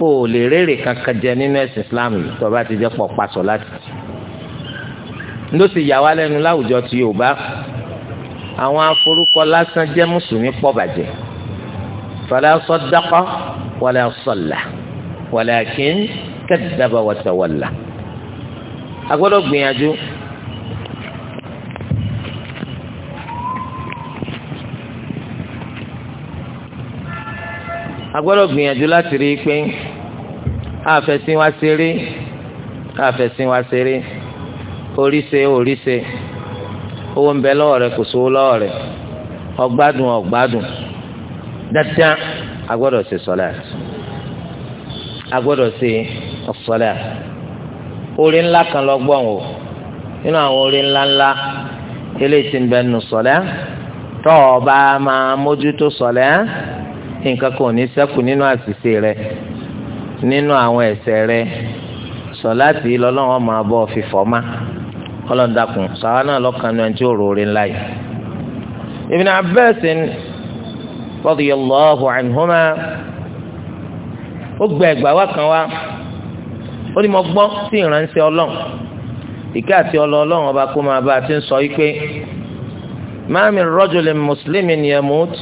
o ò lè rèrè kankan jẹ nínú ẹ̀sìn islam yìí tó o bá ti jẹ́ pọ̀ pa sọ̀láàtì ló sì yà wá lẹ́nu láwùjọ ti yorùbá àwọn aforúkọ lásán jẹ́ mùsùlùmí pọ̀ bàjẹ́ fala saddaqa wala salla walakin kadaba wa tawalla agbọ́dọ̀ gbìyànjú. a gbọ́dọ̀ gbìyànjú láti rí i pé àfẹ̀sìn wa ṣeré àfẹ̀sìn wa ṣeré oríṣe oríṣe owó ń bẹ lọ́wọ́ rẹ kò sówó lọ́wọ́ rẹ ọgbádùn ọgbádùn dáadáa a gbọ́dọ̀ ṣe sọ́lá a ṣe ọ̀sọ́lá orí ńlá kan lọ́gbọ̀n o nínú àwọn orí ńlá ńlá eléyìí tí ń bẹ nù sọ́lá tọ́ ọ bá máa mójútó sọ́lá nǹkan kan ò ní ṣẹ́kù nínú àṣìṣe rẹ nínú àwọn ẹ̀ṣẹ̀ rẹ sọ̀láàtì lọ́lọ́wọ́ máa bọ̀ fífọ́ má ọlọ́dàkùn sàwa náà lọ́kàn náà tí ó rọrí ńlá yìí. Ibn Abbas radiyallahu anhuma ó gba ẹgbà wá kan wá ó ní mo gbọ́ sí ìránṣẹ́ ọlọ́run ìkẹ́ àti ọlọ́ọ̀lọ́run ọba kó máa bá a ti ń sọ yìí pé ma min rajulin muslimin yamut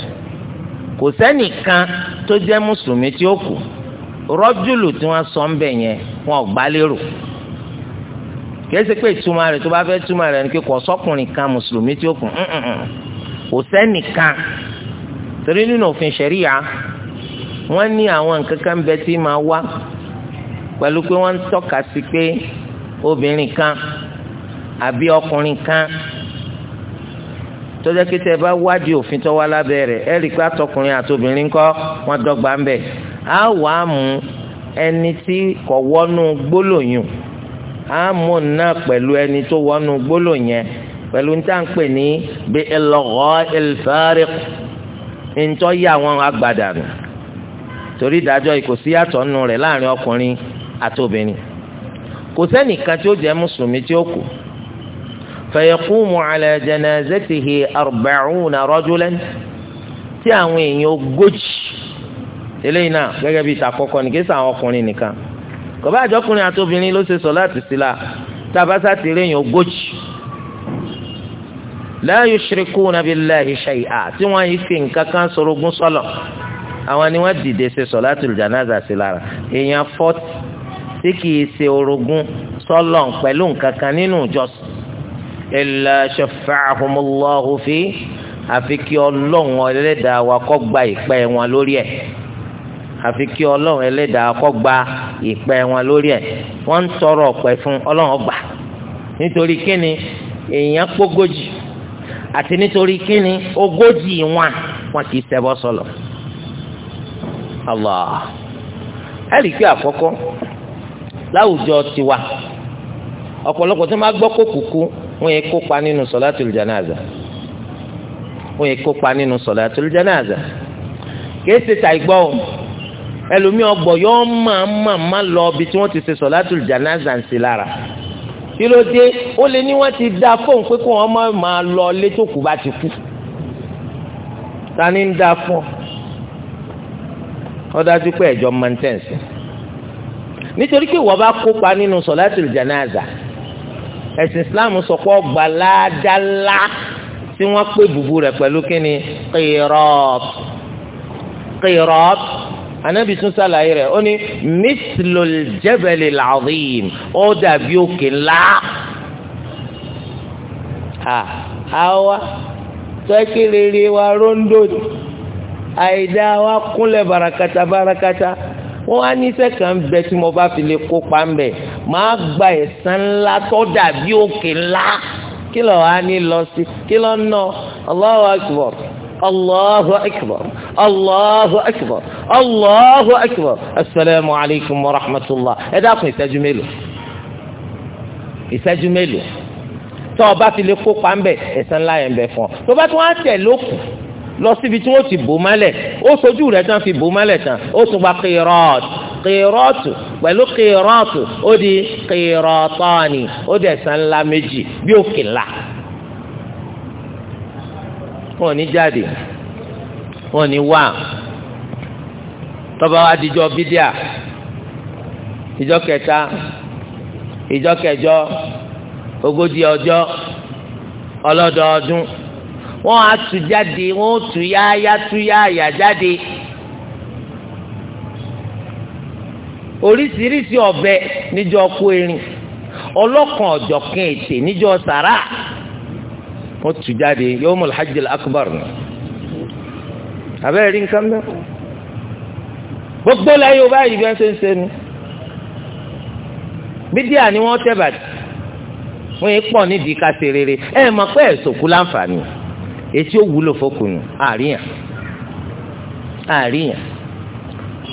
kò sẹ́nìkan tó jẹ́ mùsùlùmí tí ó kù rọ́júlù tí wọ́n sọ ń bẹ̀ yẹn wọn ò lérò kìí pé ìtumọ̀ rẹ̀ tó bá fẹ́ túmọ̀ rẹ̀ ni kò sọ́kùnrin kan mùsùlùmí tí ó kù kò sẹ́nìkan torí nínú òfin ṣẹ̀ríya wọ́n ní àwọn nǹkan kan bẹ tí máa wá pẹ̀lú pé wọ́n ń tọ́ka sí pé obìnrin kan àbí ọkùnrin kan tọ́jà kí tẹ́ bá wádìí òfin tó wá lábẹ́ rẹ̀ ẹ rí i pé àtọkùnrin àtobìnrin kọ́ wọ́n dọ́gba ń bẹ̀ á wà á mú ẹni tí kò wọ́nú gbólóyún á mú náà pẹ̀lú ẹni tó wọ́nú gbólóyún pẹ̀lú ní táǹpẹ̀ ní bí ẹlọ́gọ́ ẹlẹ́fẹ́rẹ́ ńtọ́ yí àwọn agbada nù torí ìdájọ́ yìí kò sí yàtọ̀ rẹ̀ láàrin ọkùnrin àtobìnrin kò sẹ́nìkan tí ó jẹ́ mùsùlùmí tí ó kù فيقوم على جنازته أربعون رجلا tí àwọn èèyàn ogójì eléyìí náà gẹ́gẹ́ bíi ìtàkọ́kọ́ ní kí sàwọn ọkùnrin nìkan kò bá àjọkùnrin àti obìnrin ló ṣe sọ láti sílá tábàtà ti rí èèyàn ogójì la yushrikuna billahi shay'a tí wọ́n yìí fi nǹkan kan sorogún sọ́lọ̀ àwọn ni wọ́n dìde ṣe solatul janaza sí lára èèyàn fọ́tì tí kì í ṣe orogún sọ́lọ̀ pẹ̀lú nǹkan kan nínú ìjọsìn illa shafa'ahumullahu fi àfi kí ọlọ́run ẹlẹ́dàá wa kó gba ìpẹ́ wọn lórí ẹ̀ àfi kí ọlọ́run ẹlẹ́dàá kó gba ìpẹ́ wọn lórí ẹ̀ wọ́n ń tọrọ ọ̀pẹ fún ọlọ́run ọgbà nítorí kíni èèyàn pógójì àti nítorí kíni ogójì wọn wọn kì í ṣẹbọ sọlọ Allah ẹ rí i pé àkọ́kọ́ láwùjọ tiwa ọ̀pọ̀lọpọ̀ tó máa gbọ́ kó kúkú wọ́n yẹ kópa nínú sọ̀látùl janaza wọ́n yẹ kópa nínú sọ̀látùl janaza kìí ṣe ta ìgbọ́ o ẹlòmíì ọgbọ̀ yọ máa máa má lọ ibi tí wọ́n ti ṣe sọ̀látùl janaza ń ṣe lára kí ló dé ó lé ní wọ́n ti dá fóun pé kó wọ́n máa lọ lé tó kù bá ti kú ta ni ń dá fún ọ dájú pé ẹ̀jọ̀ máa nítorí pé ìwọ bá kópa nínú sọ̀látùl janaza ẹ̀sìn islam sọ pé ọgbà ládàlá tí wọ́n pè bùbù rẹ̀ pẹ̀lú kíni qirab qirab anabi tún sàlàyé rẹ̀ ó ní mislul jabal al-azim ó dàbí òkè ńlá àwa tọ́kì rere wa róńdò àìdá wa kúnlẹ̀ barakata barakata wọ́n wá ní iṣẹ́ kan bẹ tí mo bá fi lè kópa ń bẹ̀ máa gba ẹ̀san ńlá tó dàbí òkè ńlá kí ló wá ní lọ sí kí ló ń ná Allahu akbar Allahu akbar Allahu akbar Allahu akbar asalaamu alaykum wa rahmatulah ẹ dákun ìṣẹ́jú mélòó ìṣẹ́jú mélòó tó o bá fi lè kópa ń bẹ̀ ẹ̀san ńlá yẹn bẹ fún ọ tó bá tún wá tẹ̀ lókùn lọ síbi tí wọ́n ti bò mọ́lẹ̀ ó sojú rẹ̀ tán fi bò mọ́lẹ̀ tán ó tún gba kírọ́ọ̀tù kírọ́ọ̀tù pẹ̀lú kírọ́ọ̀tù ó di kírọ́ọ̀tọ́ọ̀nì ó di ẹ̀san ńlá méjì bí òkè ńlá. wọn ò ní jáde wọn ò ní wá tọ́ba wa dijọ́ bídíà ìjọ kẹta ìjọ kẹjọ ogójì ọjọ́ ọlọ́dọọdún wọ́n á tú jáde wọ́n ó tú yáyá tú yáyà jáde oríṣiríṣi ọ̀bẹ níjọ́ kó erin ọlọ́kan ọ̀jọ̀kan ètè níjọ́ sàrà wọ́n tú jáde yawmul hajjil akbar nù abẹ́rẹ́ rí nǹkan mẹ́wọ́ gbogbo la yóò báyìí bí ṣe ń ṣe nu bídíà ni wọ́n tẹ́ bàtì wọ́n yẹn pọ̀ nídìí ká ṣe rere ẹ̀ mọ̀ pé ẹ̀ sòkú láǹfààní èsì ò wúlò fọkùnù àríyàn àríyàn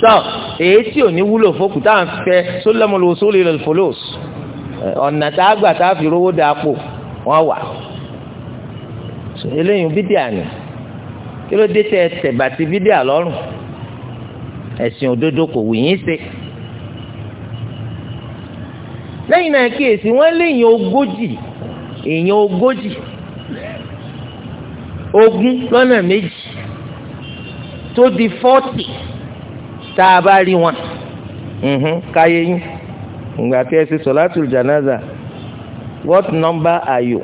sọ èsì ò ní wúlò fọkùn tá à ń fẹ́ sólẹmọlò sólè fọlọs ọ̀nà tá a gbà tá a fi rówó dáa pò wọ́n wà eléyìí bídíà ni kí ló dé tẹ tẹ̀bàtì bídíà lọ́rùn ẹ̀sìn òdodo kò wù yín ṣe lẹ́yìn náà kíyèsí wọ́n léyìn ogójì èèyàn ogójì ogún lọ́nà méjì tó di fọ́tì tá a bá rí wọn mhm, káyé yín ìgbà tí ẹ ṣe sọ̀látù jànáza what number are you?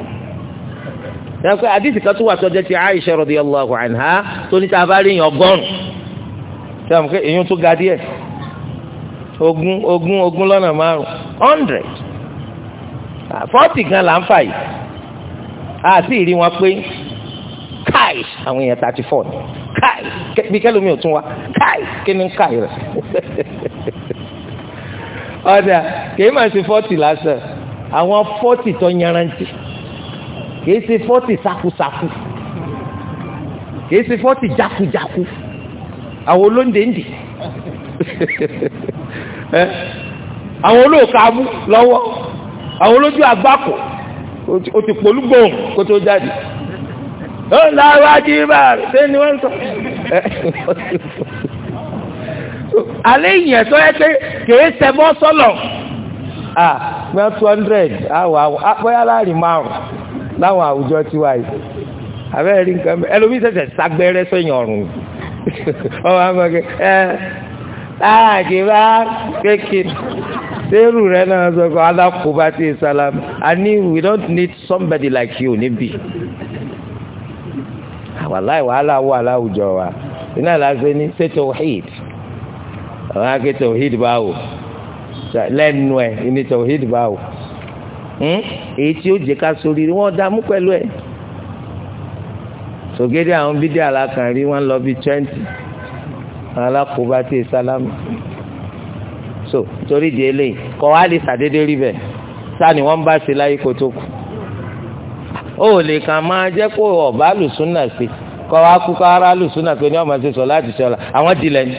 yàtọ̀ àdìsí kan tó wà sọ́jọ́ ti Aisha radiyallahu anha tó ní tá a bá rí yàn ọgọ́rùn-ún sọ́yàmù pé èyí tó ga díẹ̀ ogún ogún ogún lọ́nà márùn hundred forty gan la ń fà yìí àti ìrí wọn pé àwọn èèyàn thirty four káì bí kẹlòmí ò tún wa káì kí ni káì rẹ ọ̀dà kìí máa ṣe fọ́tì lásán àwọn fọ́tì tó yanrantí kìí ṣe fọ́tì sakusaku kìí ṣe fọ́tì jakujaku àwọn olóńdèndè àwọn olóòkàbú lọ́wọ́ àwọn olójú àgbákò ó ti polú gbòòrùn kó tó jáde ó láwá jíbà ṣé ni wọ́n sọ. alẹ́ ìyẹn tó yẹ pé kìí ṣẹbọ́ sọ́lọ̀ ah gbẹ́ two hundred àwọ̀ àwọ̀ bóyá láàrin márùn láwọn àwùjọ tiwa yìí abẹ́rẹ́ rí nǹkan mẹ́ ẹlòmíì ṣẹ̀ṣẹ̀ ságbẹ́rẹ́ sẹ́yìn ọ̀run ọmọ amọ̀kẹ́ ẹ àjẹbá kékeré sẹ́rù rẹ̀ náà sọ̀kọ̀ alákòóbá ti sálámù i need we don't need somebody like you níbí wàláì wàhálà wà láwùjọ wa iná làásẹ ní ṣé tawhid àwọn akẹ́ tawhid báwo lẹ́nu ẹ̀ ní tawhid báwo hmm? èyí tí ó jẹ́ ká sórí wọ́n dààmú pẹ̀lú ẹ̀ sògede àwọn bídé alákànrí wọn lọ bí twenty alákòóbá tí sálámù so torí di eléyìí kọ wá lè sàdédé rí bẹ́ẹ̀ sani wọn bá ṣe láyé kótó kù ó lè kàn máa jẹ́ kó ọba lùsùn náà sí kọ́ wa kú kọ́ ara lù súnà pé ní ọmọ ṣe sọ láti ṣọlá àwọn dilẹ̀ ni.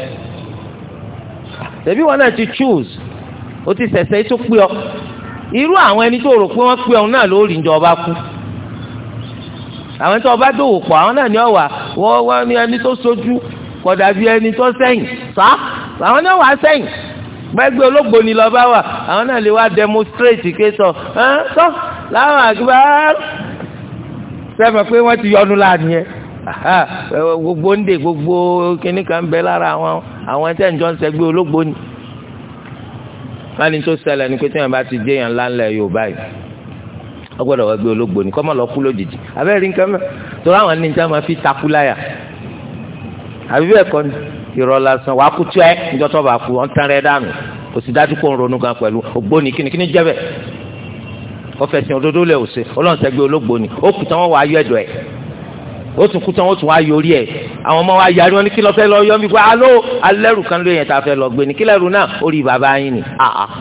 tẹ̀bí wọn náà ti choose ó ti sẹ̀sẹ̀ tó pé ọ irú àwọn ẹni tó rò pé wọ́n pé ọ̀hún náà lórí ìjọ ọba kú àwọn tó ọba dòwò pọ̀ àwọn náà ni ọ̀wà wọ́n wọ́n ní ẹni tó sojú kọ̀dà bí ẹni tó sẹ́yìn sá àwọn náà wà sẹ́yìn gbẹgbẹ olóògbò ni lọ bá wà àwọn náà lè wá demonstrate ké sọ ẹ sọ láwọn àgbà sẹfẹ pé wọ́n ti yọnu láàánú yẹn gbogbo ń dè gbogbo kínní kan bẹ lára àwọn àwọn ẹtẹ ǹjọ́ ń sẹgbẹ́ ológbò ni. wọ́n ní tó ṣẹlẹ̀ ní pé tí wọ́n bá ti jẹ́yàn ńláńlẹ̀ Yorùbá yìí wọ́n gbọ́dọ̀ wọ́n gbé ológbò ni kọ́mọ̀ lọ́ọ́ kú lójijì abẹ́rẹ́ nǹkan mẹ́ torí àwọn ní níta máa fi takú láyà àbí bẹ́ẹ̀ kọ́ ni irọ́ lásán wàá kú tíọ́ ẹ́ níjọ́ tó bá kú ọ̀n tán rẹ dànù kò sì dájú kó ń ronú gan pẹ̀lú ògbóni kínníkínní jẹ́bẹ̀ ọ̀fẹ̀sìn òdodo lẹ̀ òsè ọlọ́run sẹ́gbẹ́ ológbò ni ó kù tán wọ́n wàá yọ ẹ̀dọ̀ ẹ̀ ó tún kú tán ó tún wá yọrí ẹ̀ àwọn ọmọ wa yarí wọn ní kí lọ fẹ́ lọ yọ mí pé alo alẹ́rù kan ló yẹn tá a fẹ́ lọ gbé ni kí lẹ́rù náà ó rí bàbá yín ni àà ah, ah.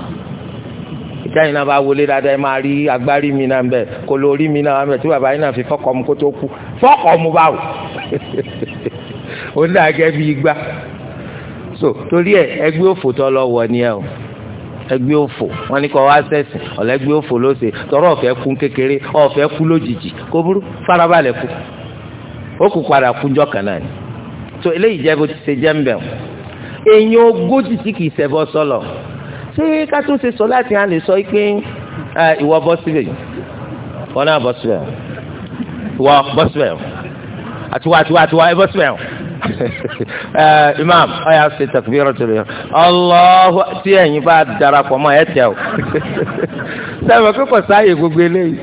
ìtẹ́yìn náà bá wọlé dáadáa ẹ máa rí agbárí mi náà bẹ̀ kò ló rí mi náà bẹ̀ tí bàbá yín náà fi fọ́kọ̀ mu kó tó kú fọ́kọ̀ mu báwò òun náà gẹ́ bí igbá so torí ẹ ẹgbẹ́ òfò tó lọ wọ ni ẹ o ẹgbẹ́ òfò wọn ni kò wá sẹ́sìn ọ̀lẹ́gbẹ́ òfò ló ṣe tọrọ ọ̀fẹ́ kú kékeré ọ̀fẹ́ kú lójijì kó burú farabalẹ̀ kú ó kú padà kúnjọ́ kan ni so eléyìí jẹ́ bó ti ṣe jẹ́ ń bẹ̀ èèyàn ogójì tí kìí ṣẹbọ sọlọ ṣé ká tún ṣe sọ láti hàn lè sọ pé ìwọ bọ́ síbẹ̀ wọn náà bọ́ síbẹ̀ ìwọ bọ́ síbẹ̀ àtiwá àtiwá àtiwá ẹ bọ́ síbẹ̀ imam ọyà ṣe takbira tó lè ọlọ́hu tí ẹ̀yin bá darapọ̀ mọ́ ẹ tẹ̀ o sẹ́wọ̀n kíkọ̀ sáàyè gbogbo eléyìí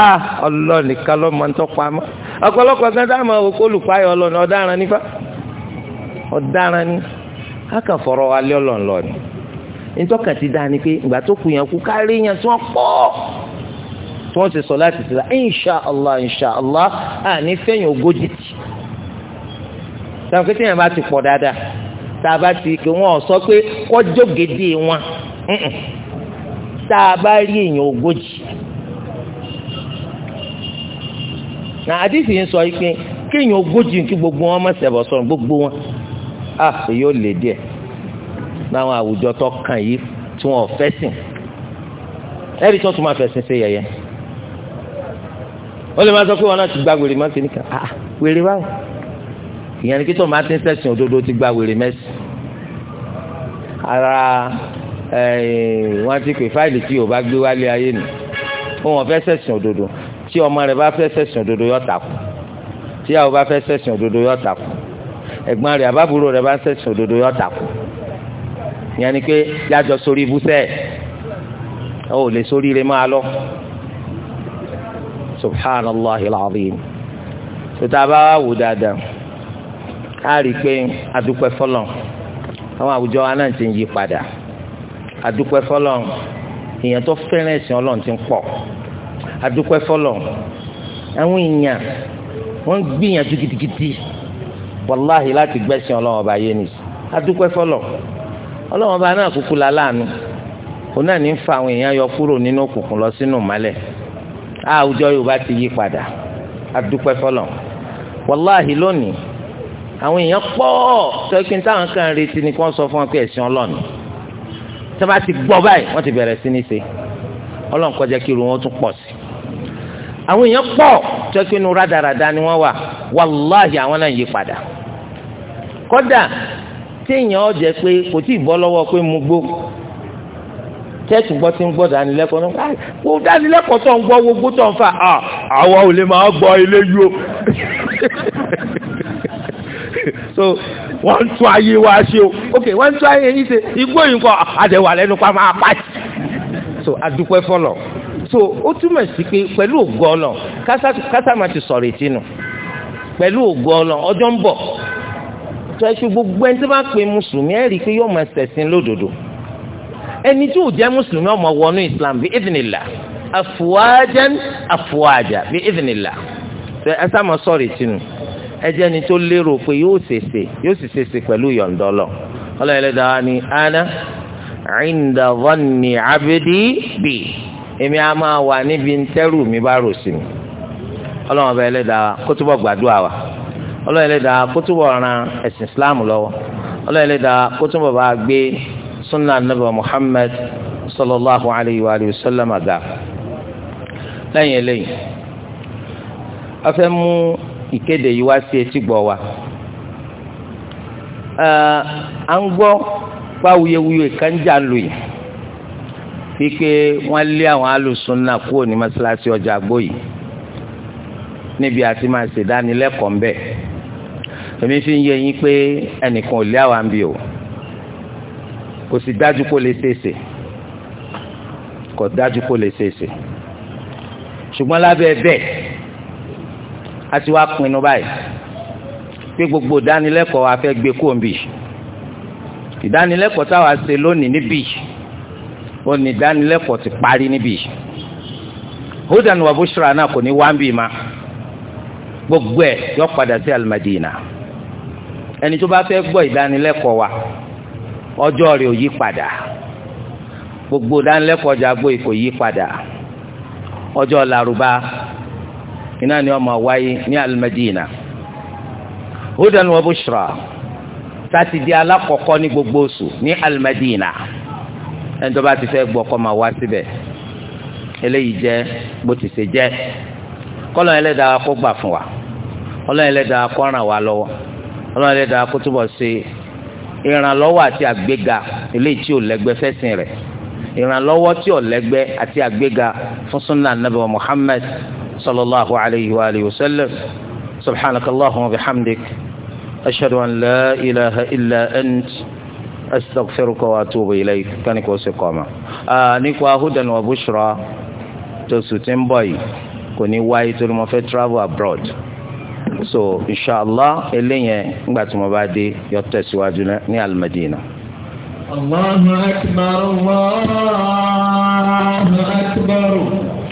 ah ọlọ́ọ̀nì kálọ́ máa ń tọ́ pa mọ́ ọ̀pọ̀lọpọ̀ gan dáhùn àwọn olùpáyọ̀ ọlọ́ni ọ̀daràn nípa ọ̀daràn ni a kàn fọ̀rọ̀ alẹ́ ọlọ́ni lọ́ni ntọ́ka ti dáa ni pé ìgbà tó kù yẹn kú kárí yẹn tí wọ́n pọ̀ tí wọ́n ti sọ láti sílá insha allah insha allah a ní fẹ́yìn ogójì tì sáà pété yẹn bá ti pọ̀ dáadáa tá a bá ti kí wọ́n sọ pé kọ́jọ́ wọn tá a bá rí èèyàn ogójì na àdìsí yìí sọ pé kéèyàn ogójì kí gbogbo wọn má ṣẹbọ sọ̀rọ̀ gbogbo wọn à yóò lè díẹ̀ láwọn àwùjọ tó kàn yìí tí wọn ò fẹsìn ẹrí tó tún máa fẹsìn ṣe yẹ̀yẹ́ ó lè má sọ pé wọn náà ti gba wèrè mọ́tì nìkan ah, ah wèrè báwo ìyẹn ni kí tó máa ti ń sẹ̀sìn òdodo ti gba wèrè mẹ́sì ara eh, wọn ti pè fáìlì tí yóò bá gbé wálé ayé nù wọn fẹ́ sẹ̀sìn òdodo tí ọmọ rẹ̀ bá fẹ́ ṣẹ̀sìn òdodo yọ takò tíyàwó bá fẹ́ ṣẹ̀sìn òdodo yọ takò ẹ̀gbọ́n rẹ̀ àbábúrò rẹ̀ bá ṣẹ̀sìn òdodo yọ takò ìyẹn ni pé yájọ sórí ibùsẹ̀ ó lè sórí rẹ̀ máa lọ subhanallah alazim tètè àbá wò dáadáa á rí i pé adúpẹ́ fọlọ́n àwọn àwùjọ wa náà ti ń yí padà adúpẹ́ fọlọ́n ìyẹn tó fẹ́ràn ẹ̀sìn ọlọ́run ti ń pọ̀ adúpẹ́ fọlọ́ àwọn èèyàn wọ́n gbìyànjú gidigidi wàláhì láti gbẹ́sìn ọlọ́wọ́n ọba yé nìyí adúpẹ́ fọlọ́ ọlọ́wọ́n ọba náà kúkú la láàánú òun náà ní fa àwọn èèyàn yọ kúrò nínú òkùnkùn lọ sínú ìmọ́lẹ̀ àwùjọ Yorùbá ti yí padà adúpẹ́ fọlọ́ wàláhì lónìí àwọn èèyàn pọ̀ tọ́kín táwọn kan retí ni kí wọ́n sọ fún wọn pé ẹ̀sìn ọlọ́ọ̀ni tí wọ́n bá ti gbọ́ báyìí wọ́n ti bẹ̀rẹ̀ sí ní ṣe ọlọ́ọ̀n kọjá kí irun wọn tún pọ̀ sí i àwọn èèyàn pọ̀ tẹ́kínú rádaràda ni wọ́n wà wàláhì àwọn náà yí padà kódà téèyàn ọ̀jẹ̀ pé kò tí ì bọ́ lọ́wọ́ pé mo gbó tẹ́tù gbọ́ tí ń gbọ́ dánilẹ́kọ̀ọ́ náà kó ah, dánilẹ́kọ̀ọ́ tó ń gbọ́ gbogbo tó ń fa ah, àwa ò lè máa gbọ́ ilé yó so wọ́n ń tún ayé wa ṣe o ok wọ́n ń tún ayé yìí ṣe igbó yìí kọ́ àdẹ̀wà lẹ́nu pa máa pa so adúpẹ́ fọlọ́ so ó túmọ̀ sí pé pẹ̀lú ògo ọlọ kásàmà ti sọ̀rọ̀ ètí nù pẹ̀lú ògo ọlọ ọjọ́ ń bọ̀ tó ẹ ṣe gbogbo ẹni tó bá pe mùsùlùmí ẹ rí i pé yóò máa ṣẹ̀sìn lódodo ẹni tí ò jẹ́ mùsùlùmí ọmọ wọnú islam bí ìdìnnìlà afuwajan afuwaja bí ìdìnnìlà tó ẹ sá máa sọ̀rọ̀ ètí nù ẹ jẹ́ ẹni tó lérò pé yóò ṣèṣe yóò sì ṣèṣe pẹ̀lú èmi a máa wà níbi ntẹ́rù mi bá rò sí ọlọ́run ọba ẹlẹ́dàá kó túbọ̀ gbàdúrà wa ọlọ́run ẹlẹ́dàá kó túbọ̀ ran ẹ̀sìn islam lọ́wọ́ ọlọ́run kó túbọ̀ bá gbé sunna anabi muhammed sallallahu alayhi wa sallam àga lẹ́yìn eléyìí a mú ìkéde yìí wá sí etí gbọ́ wa à ń gbọ́ pa wuyewuye kan jà wípé wọ́n lé àwọn alùsùnà kúrò ní mọ́ṣáláṣí ọjà gbòyì níbi àti máa ṣèdánilẹ́kọ̀ọ́ ńbẹ̀ èmi fi ń yé yín pé ẹnìkan ò lé àwọn àbí o kò sì dájú kó lè ṣèṣe kò dájú kó lè ṣèṣe ṣùgbọ́n lábẹ́ bẹ́ẹ̀ a ti wá pinnu báyìí pé gbogbo ìdánilẹ́kọ̀ọ́ wa fẹ́ gbé kóńbì ìdánilẹ́kọ̀ọ́ táwa ṣe lónìí níbí ó ní ìdánilẹ́kọ̀ọ́ ti parí níbí hudan wa bushra náà kò ní wá ń bì má gbogbo ẹ̀ yọ padà sí alimadina ẹni tó bá fẹ́ gbọ́ ìdánilẹ́kọ̀ọ́ wa ọjọ́ rẹ̀ ò yí padà gbogbo ìdánilẹ́kọ̀ọ́ Jagbo kò yí padà ọjọ́ làrúbá iná ni ọmọ wáyé ní alimadina hudan wa bushra sátidé alákọ̀ọ́kọ́ ní gbogbo oṣù ní alimadina ẹni tó bá ti fẹ́ gbọ́ kọ́ máa wá síbẹ̀ eléyìí jẹ́ bó ti ṣe jẹ́ kọ́lọ́ ẹlẹ́dàá kó gbà fún wa kọ́lọ́ ẹlẹ́dàá kó ràn wá lọ́wọ́ kọ́lọ́ ẹlẹ́dàá kó túbọ̀ ṣe ìrànlọ́wọ́ àti àgbéga eléyìí tí ò lẹ́gbẹ́ fẹ́sìn rẹ̀ ìrànlọ́wọ́ tí ò lẹ́gbẹ́ àti àgbéga fún sunna anabi muhammad sallallahu alayhi wa alihi wa sallam subhanakallahumma wa bihamdik ashhadu an la ilaha illa ant astaghfiruka wa atubu ilayk kani kò sí kọ́mà. nípa hudan wa bushra tó sùn ti ń bọ̀ yìí kò ní wáyé torí mo fẹ́ travel abroad so inshallah eléyẹn nígbà tí mo bá dé yọ Allahu akbar Allahu akbar.